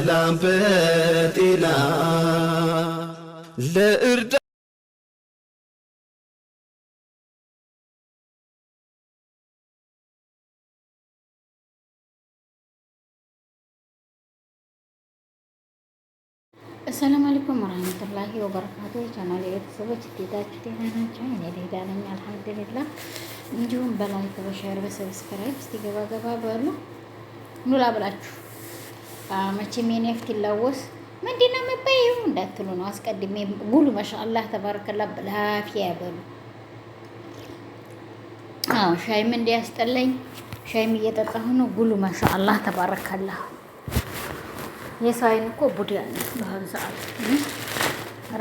በሰላም በጤና ለእርዳ አሰላሙ አለይኩም ወራህመቱላሂ ወበረካቱ። ቻናል የቤተሰቦች እንዴታችሁ ደህና ናቸው? እኔ ደህና ነኝ አልሐምዱሊላህ። እንዲሁም በላይክ በሸር በሰብስክራይብ እስቲ ገባ ገባ በሉ ኑላ ብላችሁ መቼም የኔ ፊት ይለወስ ምንድን ነው እንዳትሉ ነው። አስቀድሜ ጉሉ ማሻአላህ ተባረከላ ብላፊያ ያበሉ። አዎ ሻይም እንዲያስጠላኝ ሻይም እየጠጣሁ ነው። ጉሉ ማሻአላህ ተባረከላ። የሰውን እኮ ቡድ ያለ በአሁኑ ሰዓት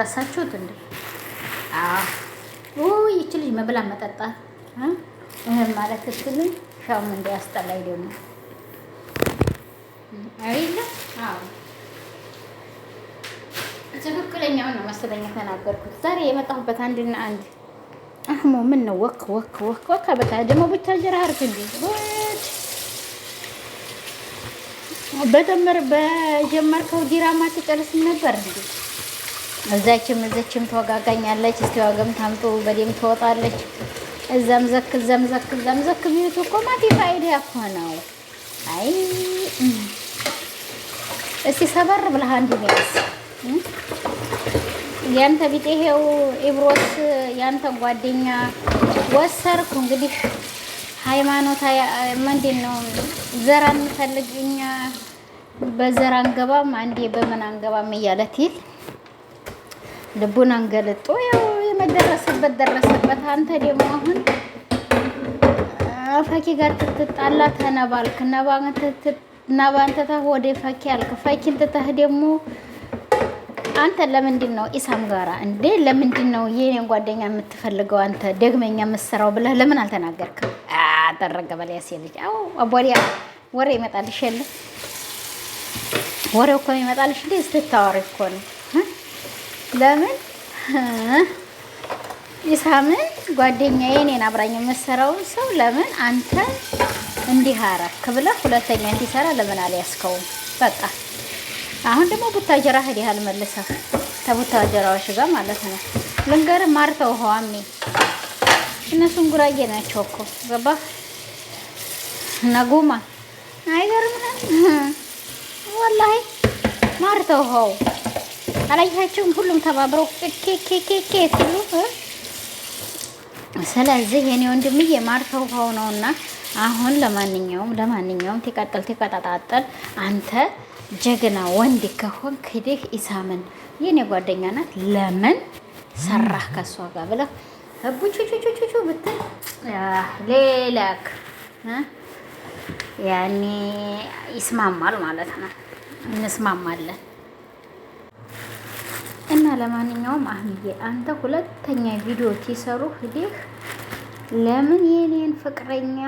ረሳችሁት እንዴ? ኦ ይቺ ልጅ መብላ መጠጣት ማለት ስትልኝ ሻም እንዲያስጠላኝ ደግሞ አይደለ? አዎ ነው መሰለኝ የተናገርኩት። ዛሬ የመጣሁበት አንድና አንድ አህሙ ምን ነው ወክ ወክ ወክ ወክ በታ ደግሞ ቡታጀራ አርግ እንዴ ወት በተመረ በጀመርከው ዲራማ ትጨርስም ነበር እንዴ? እዛችም እዛችም ተወጋጋኛለች። እስቲ ዋገም ታምጡ በደም ትወጣለች። እዛም ዘክ እዛም ዘክ እዛም ዘክ ቢዩት እኮ ማቲ ፋይዳ እኮ ነው። አይ እስቲ ሰበር ብለህ አንዱን ያዝ። ያንተ ቢጤ ይሄው ኢብሮስ ያንተን ጓደኛ ወሰርኩ። እንግዲህ ሃይማኖት ምንድን ነው? ዘር አንፈልግ እኛ በዘር አንገባም፣ አንዴ በምን አንገባም እያለት ይል ልቡን አንገልጦ ያው የመደረሰበት ደረሰበት። አንተ ደግሞ አሁን ፈኪ ጋር ትትጣላ ተነባልክ ነባ ትትጣላ እና በአንተ ተህ ወደ ፈኪ አልክ። ፈኪን ትተህ ደግሞ አንተ ለምንድን ነው ኢሳም ጋራ እንዴ? ለምንድን ነው የኔን ጓደኛ የምትፈልገው አንተ ደግመኛ የምትሰራው ብለህ ለምን አልተናገርክም? አጠረገ በላይ ያስልጅ አው አቦሪያ ወሬ ይመጣልሽ የለ ወሬው እኮ ይመጣልሽ እንዴ? ስትታወሪ እኮ ነው ለምን የሳምንት ጓደኛዬ እኔን አብራኝ የምሰራውን ሰው ለምን አንተ እንዲህ አረክ ብለህ ሁለተኛ እንዲሰራ ለምን አልያዝከውም? በቃ አሁን ደግሞ ቡታጀራ ሄደህ መልሰህ ከቡታጀራዎች ጋር ማለት ነው። ልንገርህ ማርተው ሆዋሜ እነሱን ጉራጌ ናቸው እኮ ገባህ? ነጉማ አይገርምህም? ወላሂ ማርተው ሆው አላየሃቸውም? ሁሉም ተባብረው ኬኬኬኬ ሲሉ ስለዚህ የኔ ወንድምዬ ማርከው ሆነውና አሁን ለማንኛውም ለማንኛውም ትቀጥል ትቀጣጣጠል አንተ ጀግና ወንድ ከሆን ሂደህ ኢሳምን የኔ ጓደኛ ናት ለምን ሰራህ ከሷ ጋር ብለህ ቡቹቹቹቹ ብትል ሌላክ ያኔ ይስማማል ማለት ነው፣ እንስማማለን። እና ለማንኛውም አህምዬ አንተ ሁለተኛ ቪዲዮ ትሰሩ ሂደህ ለምን የኔን ፍቅረኛ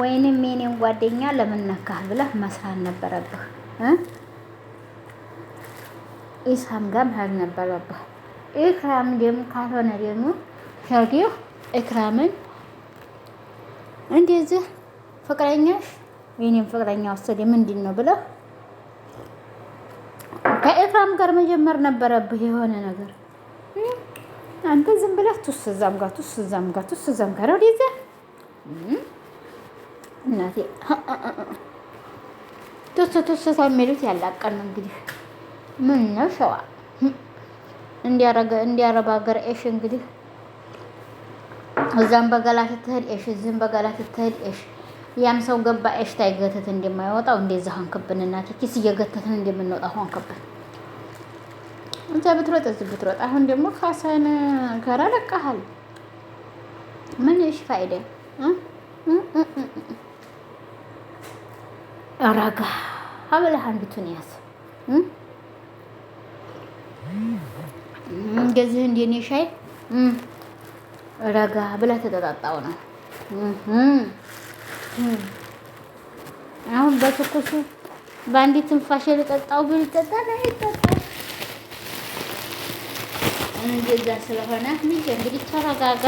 ወይንም የኔን ጓደኛ ለምን ነካህ ብለህ መስራት ነበረብህ። ኢሳም ጋር መሄድ ነበረብህ። ኢክራም ደግሞ ካልሆነ ደግሞ ሸርዲህ ኢክራምን እንደዚህ ፍቅረኛሽ የኔን ፍቅረኛ ወሰደ ምንድን ነው ብለህ ከኤፍራም ጋር መጀመር ነበረብህ የሆነ ነገር። አንተ ዝም ብለህ ቱስ እዛም ጋር ቱስ እዛም ጋር ቱስ እዛም ጋር ወደዛ እናቴ ቱስ ቱስ የሚሉት ያላቀን እንግዲህ ምን ነው ሸዋ እንዲያረባ ሀገር ኤሽ እንግዲህ እዛም በገላ ስትሄድ ኤሽ፣ እዚህም በገላ ስትሄድ ኤሽ። ያም ሰው ገባ ኤሽ ታይገተት እንደማይወጣው እንደዛ ሆንክብን እናቴ። ኪስ እየገተትን እንደምንወጣ ሆንክብን። እዛ ብትሮጥ እዚህ ብትሮጥ፣ አሁን ደግሞ ከሀሰን ጋር ለቀሃል። ምን እሺ ፋይዳ ረጋ ሀበላ አንዲቱን ያዝ። እንደዚህ እንደኔ ሻይ ረጋ ብላ ተጠጣጣው ነው። አሁን በትኩሱ በአንዲት ትንፋሽ ልጠጣው ብል ይጠጣል አይጠጣ እንደዛ ስለሆነ ልጅ እንግዲህ ተረጋጋ።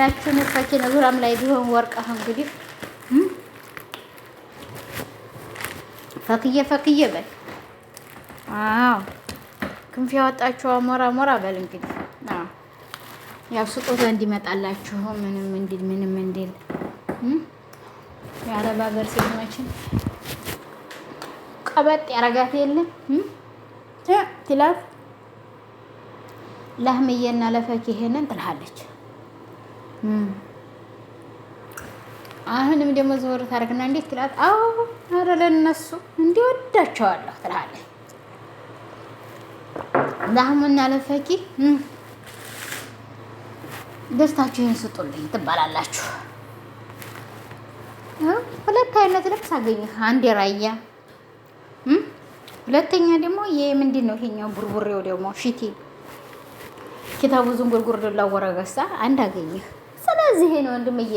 ያችን ላይ ቢሆን ወርቀህ እንግዲህ ፈክዬ ፈክዬ በል። አዎ ክንፍ ያወጣችሁ አሞራ ሞራ በል እንግዲህ ያው ስጦታ እንዲመጣላችሁ ምንም እንዲል ምንም እንዲል የአረብ ሀገር ሴት መቼም ቀበጥ ያረጋት የለም ትላት ለአህምዬና ለፈኪ ይሄንን ጥልሃለች። አሁንም ደግሞ ዘወር ታደርግና እንዴት ትላት? አዎ ኧረ ለእነሱ እንዲወዳቸዋለሁ ትላለች ለአህሙና ለፈኪ ደስታችሁን ስጡልኝ ትባላላችሁ። ሁለት አይነት ልብስ አገኘህ። አንድ የራያ ሁለተኛ ደግሞ ይህ ነው? ይሄኛው ቡርቡሬው ደግሞ ሽቲ ኪታቡ ዝንጉርጉር ዱላ ወረገሳ አንድ አገኘህ። ስለዚህ ነው ወንድምዬ፣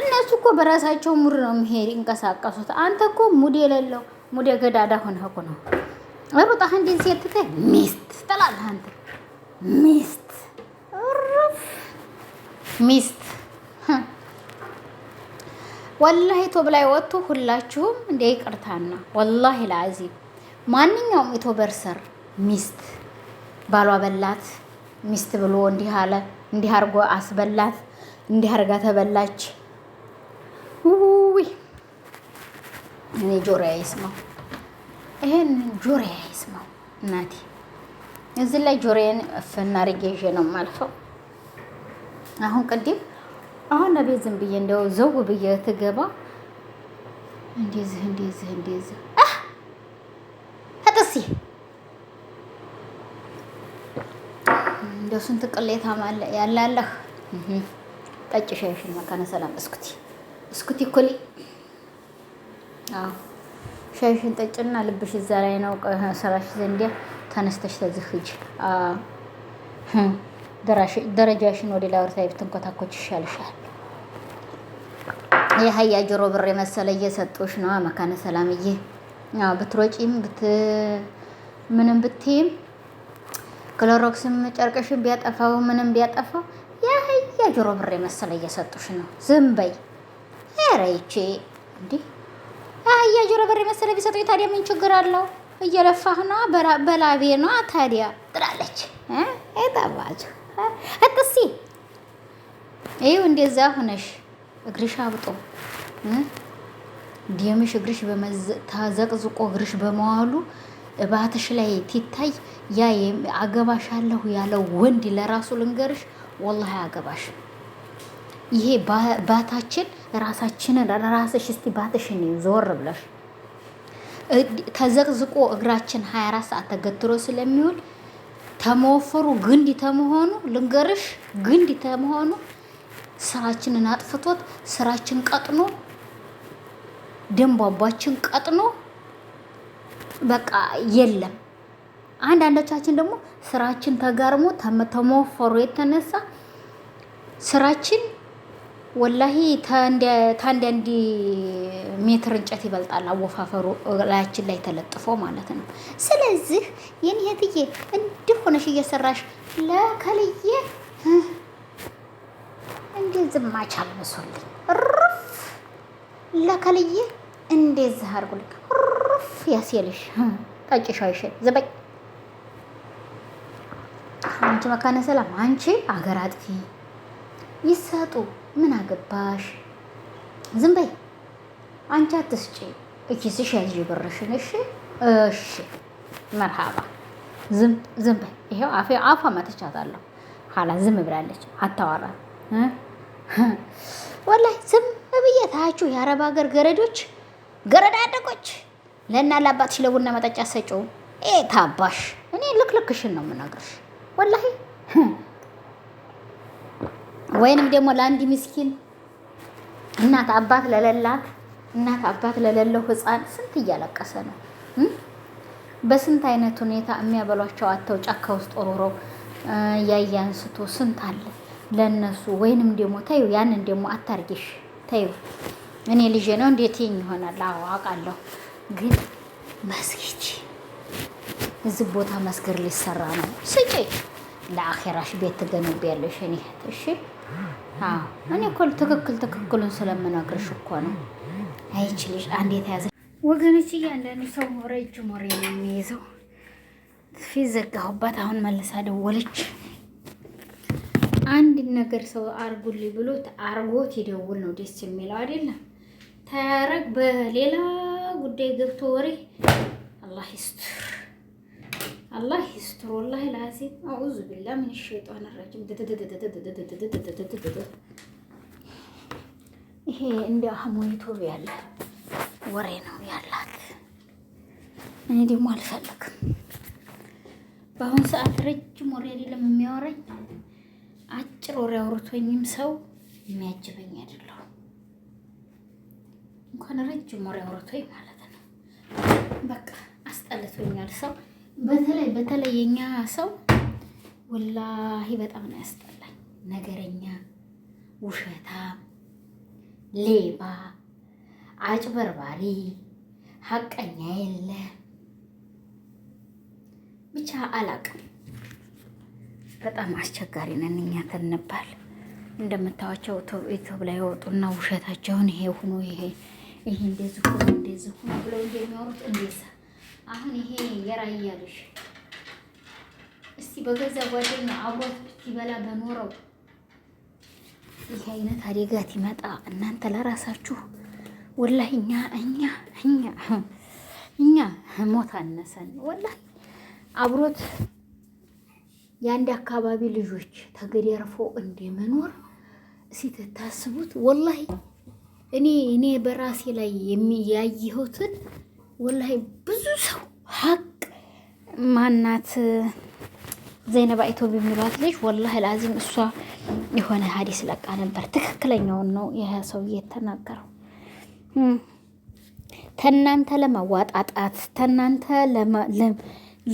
እነሱ እኮ በራሳቸው ሙድ ነው የሚሄድ ይንቀሳቀሱት። አንተ እኮ ሙድ የሌለው ሙድ የገዳዳ ሆነህ እኮ ነው ሩጣህ እንዲን ሴት ትተህ ሚስት ትላለህ። አንተ ሚስት ሚስት ወላሂ ቶብ ላይ ወጥቶ ሁላችሁም እንደ ይቅርታና ወላሂ ለአዚም ማንኛውም ኢትዮበር ሰር ሚስት ባሏ በላት ሚስት ብሎ እንዲህ አለ እንዲህ አርጎ አስበላት እንዲህ አርጋ ተበላች። ውይ እኔ ጆሮ ያይስማው፣ ይሄን ጆሮ ያይስማው እናቴ። እዚህ ላይ ጆሮዬን እፍና አርጌ ይዤ ነው የማልፈው። አሁን ቅድም አሁን አቤት ዝም ብዬ እንደው ዘው ብዬ ትገባ እንደዚህ እንደዚህ እንደዚህ አህ እንደ ስንት ቅሌታ ማለ ያላለህ ጠጭ ሻይሽን መካነ ሰላም እስኩቲ እስኩቲ ኮሊ ሻይሽን ጠጭና ልብሽ እዛ ላይ ነው። ሰራሽ ዘንድ ተነስተሽ ተዝህ ደረጃሽን ወደ ላይ ብትንኮታኮች ይሻልሻል። የሀያ ጆሮ ብር የመሰለ እየሰጡሽ ነዋ መካነ ሰላምዬ ብትሮጪም ምንም ብትይም ክሎሮክስም ጨርቅሽን ቢያጠፋው ምንም ቢያጠፋው ያህያ ጆሮ ብር የመሰለ እየሰጡሽ ነው። ዝም በይ። ኧረ ይቼ እንዲህ ያህያ ጆሮ ብር የመሰለ ቢሰጡ ታዲያ ምን ችግር አለው? እየለፋህ ነው በላቤ ነው ታዲያ ጥላለች። ጠባጭ እጥሲ ይው እንደዛ ሁነሽ እግርሽ አብጦ ደምሽ እግርሽ ታዘቅዝቆ እግርሽ በመዋሉ እባትሽ ላይ ትታይ ያ አገባሽ አለሁ ያለው ወንድ ለራሱ ልንገርሽ፣ ወላሂ አገባሽ። ይሄ ባታችን ራሳችንን ራስሽ እስቲ ባትሽን ዞር ብለሽ ተዘቅዝቆ እግራችን 24 ሰዓት ተገትሮ ስለሚውል ተመወፈሩ ግንድ ተመሆኑ ልንገርሽ፣ ግንድ ተመሆኑ ስራችንን አጥፍቶት ስራችን ቀጥኖ ደንቧባችን ቀጥኖ በቃ የለም። አንዳንዶቻችን ደግሞ ስራችን ተጋርሞ ተመፎሩ የተነሳ ስራችን ወላሂ አንድ ሜትር እንጨት ይበልጣል አወፋፈሩ ላያችን ላይ ተለጥፎ ማለት ነው። ስለዚህ ይህን የትዬ እንዲህ ሆነሽ እየሰራሽ ለከልዬ እንዴ ማቻል ብሶልኝ እርፍ ለከልዬ እንዴ ዝህ አርጉልኝ ኡፍ ያስየልሽ ጠጭ አይሽን ዝበይ አንቺ መካነ ሰላም አንቺ አገር አጥፊ ይሰጡ ምን አገባሽ? ዝም በይ አንቺ አትስጪ። እኪስሽ ያዝዥ ብርሽን። እሺ እሺ፣ መርሃባ ዝም ዝም በይ። ይሄው አፌ አፏ መትቻታለሁ። ኋላ ዝም ብላለች፣ አታዋራም። ወላሂ ዝም ብዬ ታያችሁ የአረብ ሀገር ገረዶች፣ ገረዳ አደጎች ለና ለአባትሽ ለቡና መጠጫ ሰጪው ይሄ ታባሽ። እኔ ልክልክሽን ነው የምነግርሽ ወላሂ። ወይንም ደግሞ ለአንድ ምስኪን እናት አባት ለሌላት እናት አባት ለሌለው ህፃን ስንት እያለቀሰ ነው። በስንት አይነት ሁኔታ የሚያበሏቸው አተው ጫካ ውስጥ ሮረው ያየ አንስቶ ስንት አለ ለነሱ። ወይንም ደግሞ ተዩ ያንን ደግሞ አታርጊሽ ተዩ። እኔ ልጄ ነው እንዴት ይሆናል? አዎ አውቃለሁ። ግን መስጊጂ እዚህ ቦታ መስገድ ሊሰራ ነው። ስጪ ለአኼራሽ ቤት ትገነቢያለሽ። እኔ እሺ፣ እኔ እኮ ትክክል ትክክሉን ስለምነግርሽ እኮ ነው። አይችልሽ አንዴ ተያዘ ወገኖች፣ እያንዳንዱ ሰው ሞረ እጅ ሞሬ ነው የሚይዘው። ፊት ዘጋሁባት። አሁን መልሳ ደወለች። አንድ ነገር ሰው አርጉልኝ ብሎት አርጎት ይደውል ነው ደስ የሚለው አይደለም። ታያረግ በሌላ ጉዳይ ገብቶ ወሬ አላህ ይስቱር፣ አላህ ይስቱር። ወላሂ ላዚም አዑዙ ቢላህ ምን ሸይጣን ረጅም። ይሄ እንደ አህሞኒቶብ ያለ ወሬ ነው ያላት። እኔ ደግሞ አልፈልግም። በአሁኑ ሰዓት ረጅም ወሬ አይደለም የሚያወራኝ፣ አጭር ወሬ አውርቶኝም ሰው የሚያጅበኝ አይደለም። እንኳን ረጅም ወሬ አውርቶኝ ማለት ነው። በቃ አስጠልቶኛል ሰው በተለይ በተለይ የኛ ሰው ወላሂ በጣም ነው ያስጠላኝ። ነገረኛ፣ ውሸታም፣ ሌባ፣ አጭበርባሪ፣ ሀቀኛ የለ ብቻ አላቅም። በጣም አስቸጋሪ ነን እኛ ተንባል እንደምታዋቸው ዩቱብ ላይ ወጡና ውሸታቸውን ይሄ ሁኖ ይሄ ይሄ እንደዚህ ሆኖ እንደዚህ ሆኖ ብለው እንደሚያወሩት እንዴት አሁን ይሄ የራያ ልጅ እስቲ በገዛ ጓደኛ አብሮት ብትበላ በኖረው ይህ አይነት አደጋ ይመጣ። እናንተ ለራሳችሁ ወላሂ እኛ እኛ እኛ እኛ ሞት አነሰን ወላሂ አብሮት የአንድ አካባቢ ልጆች ተገዳርፎ እንደመኖር ሲትታስቡት ወላሂ እኔ እኔ በራሴ ላይ የሚያየሁትን ወላሂ ብዙ ሰው ሀቅ ማናት ዘይነባ ኢትዮብ የሚሏት ልጅ ወላሂ ላዚም እሷ የሆነ ሀዲስ ለቃ ነበር። ትክክለኛውን ነው ይህ ሰው የተናገረው። ተናንተ ለማዋጣጣት ተናንተ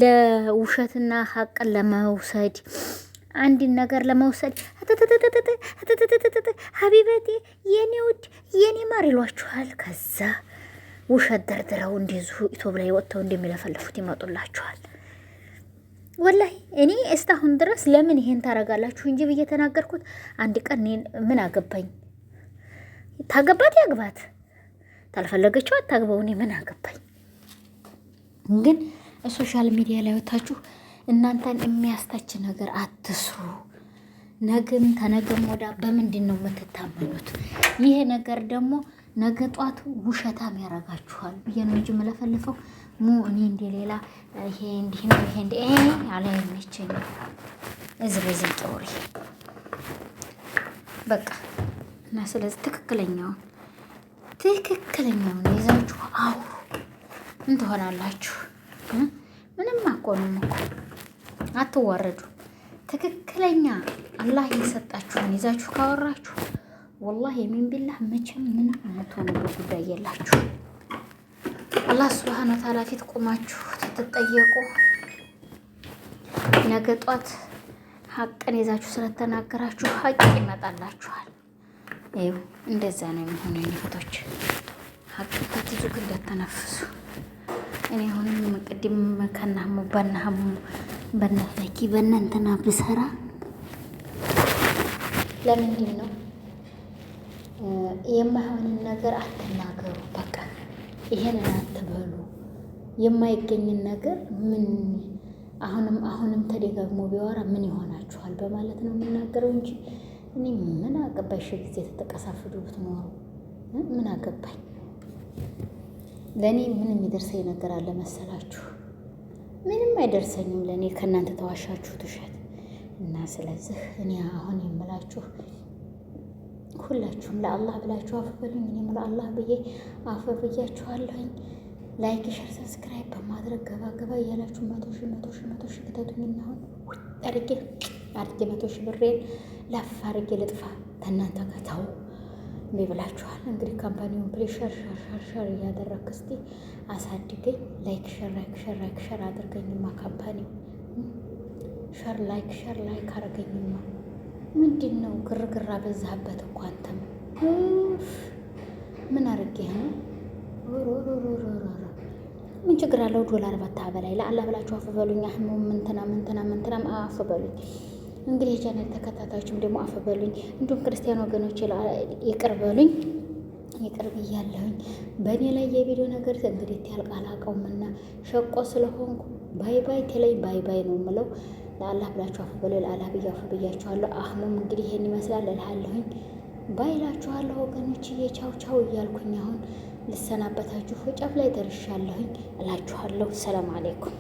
ለውሸትና ሀቅን ለመውሰድ አንድን ነገር ለመውሰድ ሀቢበቴ የኔ ውድ የኔ ማር ይሏችኋል። ከዛ ውሸት ደርድረው እንደዚሁ ኢትዮብ ላይ ወጥተው እንደሚለፈልፉት ይመጡላችኋል። ወላይ እኔ እስካሁን ድረስ ለምን ይሄን ታረጋላችሁ እንጂ ብዬ ተናገርኩት። አንድ ቀን ምን አገባኝ፣ ታገባት ያግባት፣ ታልፈለገችው አታግባው፣ እኔ ምን አገባኝ። ግን ሶሻል ሚዲያ ላይ ወታችሁ እናንተን የሚያስታች ነገር አትስሩ። ነግም ተነግም ወዳ በምንድን ነው የምትታመኑት? ይሄ ነገር ደግሞ ነገ ጧቱ ውሸታም ያረጋችኋል ብዬ ነው እንጂ መለፈልፈው ሙ እኔ እንደ ሌላ ይሄ እንዲህ ነው ይሄ እንዲህ ያለ የሚችል እዚ በዚህ ጥሪ በቃ እና ስለዚህ ትክክለኛውን ትክክለኛውን ይዛችሁ አውሩ። ምን ትሆናላችሁ? ምንም አቆንም እኮ አትዋረዱ። ትክክለኛ አላህ የሰጣችሁን ይዛችሁ ካወራችሁ ወላሂ የሚን ቢላህ መቼም ምንም የምትሆኑበት ጉዳይ የላችሁ። አላህ ስብሓነ ወተዓላ ፊት ቁማችሁ ትትጠየቁ ነገ ጧት ሀቅን ይዛችሁ ስለተናገራችሁ ሀቅ ይመጣላችኋል። ይኸው እንደዛ ነው የሚሆኑ ኒፈቶች ሀቅን ታትዙ ግን እኔ አሁንም ቅድም ከናሙ በናህሙ በነፈኪ በእነንትና ብሰራ ለምንድን ነው የማይሆንን ነገር አትናገሩ። በቃ ይሄንን አትበሉ። የማይገኝን ነገር ምን አሁንም አሁንም ተደጋግሞ ቢያወራ ምን ይሆናችኋል? በማለት ነው የምናገረው እንጂ እኔ ምን አገባሽ ጊዜ ተጠቀሳፍዱ ብትኖሩ ምን አገባኝ። ለእኔ ምን የሚደርሰኝ ነገር አለ መሰላችሁ? ምንም አይደርሰኝም ለእኔ ከእናንተ ተዋሻችሁት ውሸት እና ስለዚህ እኔ አሁን የምላችሁ ሁላችሁም ለአላህ ብላችሁ አፍ በሉኝ። እኔም ለአላህ ብዬ አፍ ብያችኋለሁኝ። ላይክ፣ ሸር፣ ሰብስክራይብ በማድረግ ገባ ገባ እያላችሁ መቶ ሺ መቶ ሺ መቶ ሺ ክተቱኝ። እናሁን አርጌ አርጌ መቶ ሺ ብሬን ላፍ አርጌ ልጥፋ ከእናንተ ጋር ታው እምቢ ብላችኋል። እንግዲህ ካምፓኒውን ፕሌ ሸር ሸር ሸር እያደረግክ እስቲ አሳድገኝ። ላይክ ሸር ላይክ ሸር ላይክ ሸር አድርገኝማ። ካምፓኒ ሸር ላይክ ሸር ላይክ አድርገኝማ። ምንድን ነው ግርግራ በዛህበት እኮ አንተም ምን አድርጌህ ነው? ምን ችግር አለው? ዶላር በታ በላይ ለአላ ብላችሁ አፍ በሉኝ። አህሙ ምንትና ምንትና ምንትናም አፍ እንግዲህ የቻናል ተከታታዮችም ደግሞ አፈበሉኝ፣ እንዲሁም ክርስቲያን ወገኖች ይቅርበሉኝ ይቅርብ እያለሁኝ በእኔ ላይ የቪዲዮ ነገር እንግዲህ ያልቅ አላውቀውምና ሸቆ ስለሆንኩ ባይ ባይ ተለይ ባይ ባይ ነው የምለው። ለአላህ ብላችሁ አፈበሉ፣ በሉ፣ ለአላህ ብዬ አፍ አህሙም እንግዲህ ይሄን ይመስላል እልሃለሁኝ። ባይ ላችኋለሁ ወገኖችዬ፣ ቻው ቻው እያልኩኝ አሁን ልሰናበታችሁ ጫፍ ላይ ደርሻለሁኝ እላችኋለሁ። ሰላም አሌይኩም